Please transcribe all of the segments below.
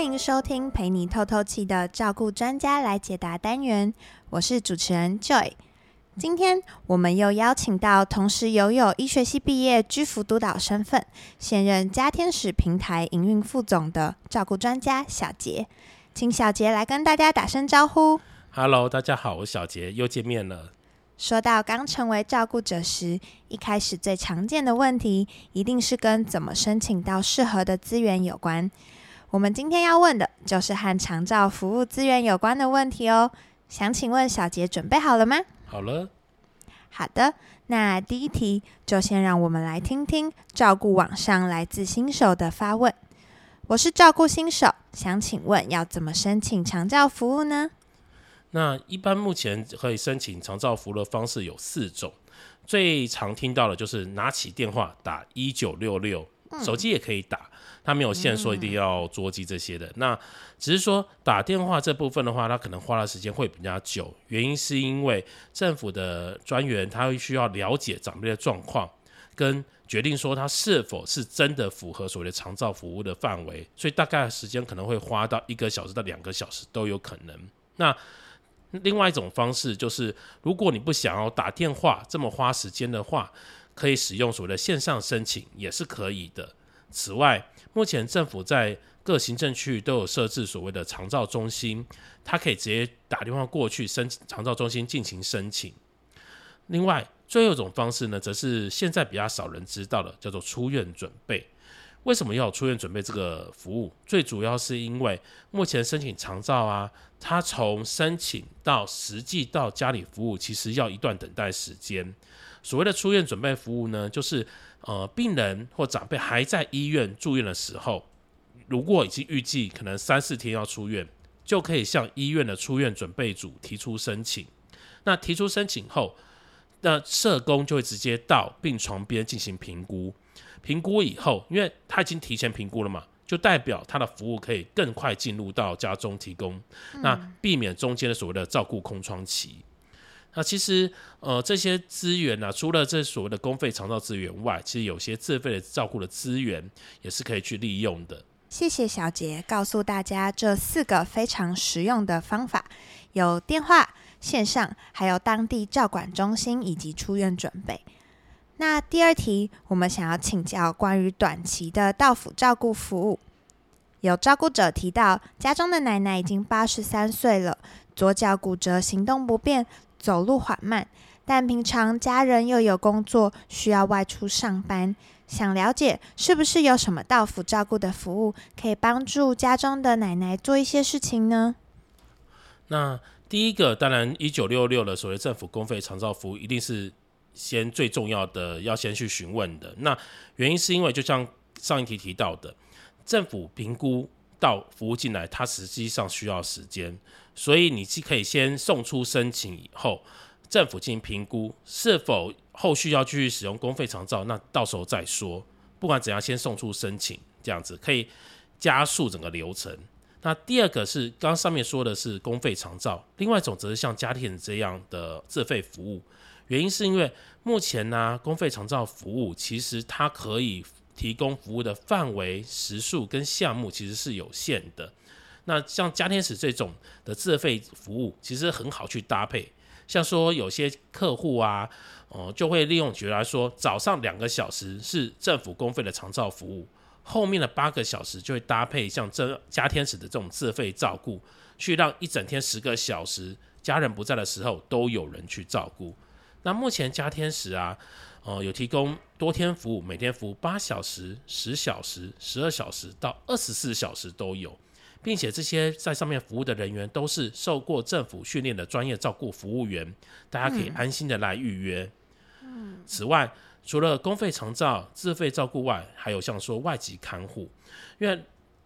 歡迎收聽陪你透透氣的照顧專家來解答單元，我是主持人 Joy。今天我們又邀請到同時擁有醫學系畢業、居服督導身份、現任家天使平台營運副總的照顧專家小杰，請小杰來跟大家打聲招呼。哈嘍，大家好，我是小杰，又見面了。說到剛成為照顧者時，一開始最常見的問題，一定是跟怎麼申請到適合的資源有關。我們今天要問的就是和長照服務資源有關的問題哦。想請問小杰準備好了嗎？好了。好的，那第一題就先讓我們來聽聽照顧網上來自新手的發問。我是照顧新手，想請問要怎麼申請長照服務呢？那一般目前可以申請長照服務的方式有四種，最常聽到的就是拿起電話打一九六六。手機也可以打，他沒有限說一定要桌機這些的。嗯、那只是說打電話這部分的話，他可能花的時間會比較久，原因是因為政府的專員他會需要了解長輩的狀況，跟決定說他是否是真的符合所謂的長照服務的範圍，所以大概的時間可能會花到一個小時到兩個小時都有可能。那另外一種方式就是，如果你不想要打電話這麼花時間的話，可以使用所謂的線上申請也是可以的。此外，目前政府在各行政區都有設置所謂的長照中心，他可以直接打電話過去申請長照中心進行申請。另外，最後一種方式呢，則是現在比較少人知道的，叫做出院準備。為什麼要出院準備這個服務？最主要是因為目前申請長照啊，他從申請到實際到家裡服務，其實要一段等待時間。所謂的出院準備服務呢，就是呃，病人或長輩還在醫院住院的時候，如果已經預計可能三四天要出院，就可以向醫院的出院準備組提出申請。那提出申請後，那社工就會直接到病床邊進行評估。評估以後，因為他已經提前評估了嘛，就代表他的服務可以更快進入到家中提供，那避免中間的所謂的照顧空窗期。嗯。那其實，呃，這些資源呢、啊，除了這所謂的公費長照資源外，其實有些自費的照顧的資源也是可以去利用的。謝謝小傑告訴大家這四個非常實用的方法：有電話、線上，還有當地照管中心以及出院準備。那第二題，我們想要請教關於短期的到府照顧服務。有照顧者提到，家中的奶奶已經八十三歲了，左腳骨折，行動不便。走路緩慢，但平常家人又有工作需要外出上班，想了解是不是有什麼到府照顧的服務可以幫助家中的奶奶做一些事情呢？那第一個，當然一九六六的，所謂政府公費長照服務，一定是先最重要的要先去詢問的。那原因是因為，就像上一題提到的，政府評估。到服務進來，它實際上需要時間，所以你既可以先送出申請以後，政府進行評估，是否後續要繼續使用公費長照，那到時候再說。不管怎樣，先送出申請，這樣子可以加速整個流程。那第二個是剛上面說的是公費長照，另外一種則是像家天使這樣的自費服務，原因是因為目前呢、啊，公費長照服務其實它可以。提供服務的範圍、時數跟項目其實是有限的。那像家天使這種的自費服務，其實很好去搭配。像說有些客戶啊，呃，就會利用舉例來說，早上兩個小時是政府公費的長照服務，後面的八個小時就會搭配像這家天使的這種自費照顧，去讓一整天十個小時家人不在的時候都有人去照顧。那目前家天使啊，呃，有提供多天服務，每天服務八小時、十小時、十二小時到二十四小時都有，並且這些在上面服務的人員都是受過政府訓練的專業照顧服務員，大家可以安心的來預約。嗯。此外，除了公費長照、自費照顧外，還有像說外籍看護，因為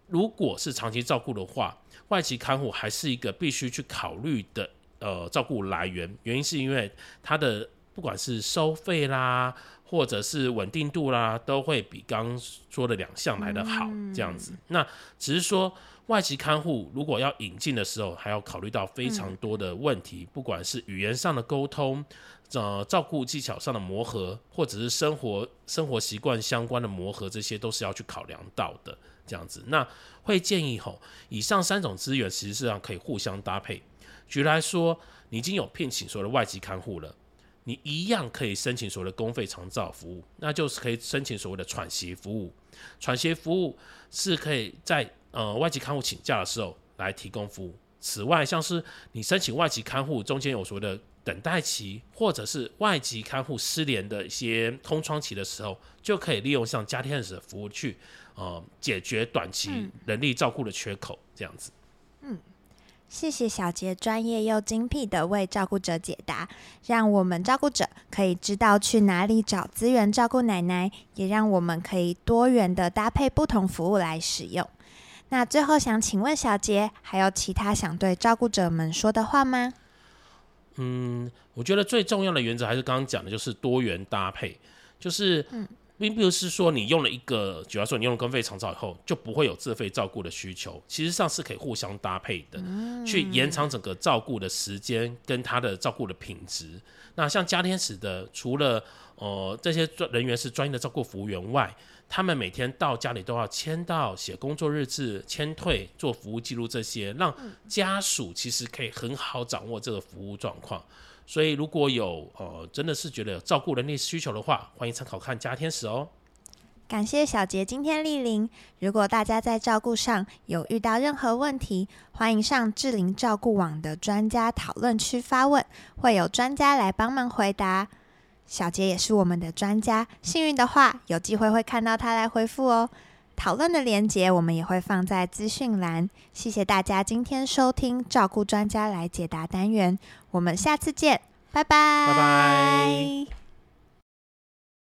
如果是長期照顧的話，外籍看護還是一個必須去考慮的。呃，照顧來源原因是因為它的不管是收費啦，或者是穩定度啦，都會比剛剛說的兩項來得好，嗯、這樣子。那只是說外籍看護如果要引進的時候，還要考慮到非常多的問題，嗯、不管是語言上的溝通，呃，照顧技巧上的磨合，或者是生活生活習慣相關的磨合，這些都是要去考量到的。這樣子，那會建議吼，以上三種資源實際上可以互相搭配。舉例來說，你已經有聘請所謂的外籍看護了，你一樣可以申請所謂的公費長照服務，那就是可以申請所謂的喘息服務。喘息服務是可以在呃外籍看護請假的時候來提供服務。此外，像是你申請外籍看護中間有所謂的等待期，或者是外籍看護失聯的一些空窗期的時候，就可以利用上家庭式的服務去呃解決短期人力照顧的缺口，嗯、這樣子。嗯。謝謝小杰專業又精闢的為照顧者解答，讓我們照顧者可以知道去哪裡找資源照顧奶奶，也讓我們可以多元的搭配不同服務來使用。那最後想請問小杰，還有其他想對照顧者們說的話嗎？嗯，我覺得最重要的原則還是剛剛講的，就是多元搭配，就是嗯。並不是說你用了一個，比方說你用了公費長照以後就不會有自費照顧的需求，其實上是可以互相搭配的，去延長整個照顧的時間跟他的照顧的品質。那像家天使的，除了呃這些人員是專業的照顧服務員外，他們每天到家裡都要簽到、寫工作日志、簽退、做服務記錄這些，讓家屬其實可以很好掌握這個服務狀況。所以，如果有呃，真的是覺得有照顧人力需求的話，歡迎參考看《家天使》哦。感謝小杰今天蒞臨。如果大家在照顧上有遇到任何問題，歡迎上智齡照顧網的專家討論區發問，會有專家來幫忙回答。小杰也是我們的專家，幸運的話，有機會會看到他來回復哦。討論的連結，我們也會放在資訊欄。謝謝大家今天收聽，照顧專家來解答單元，我們下次見，拜拜，拜拜。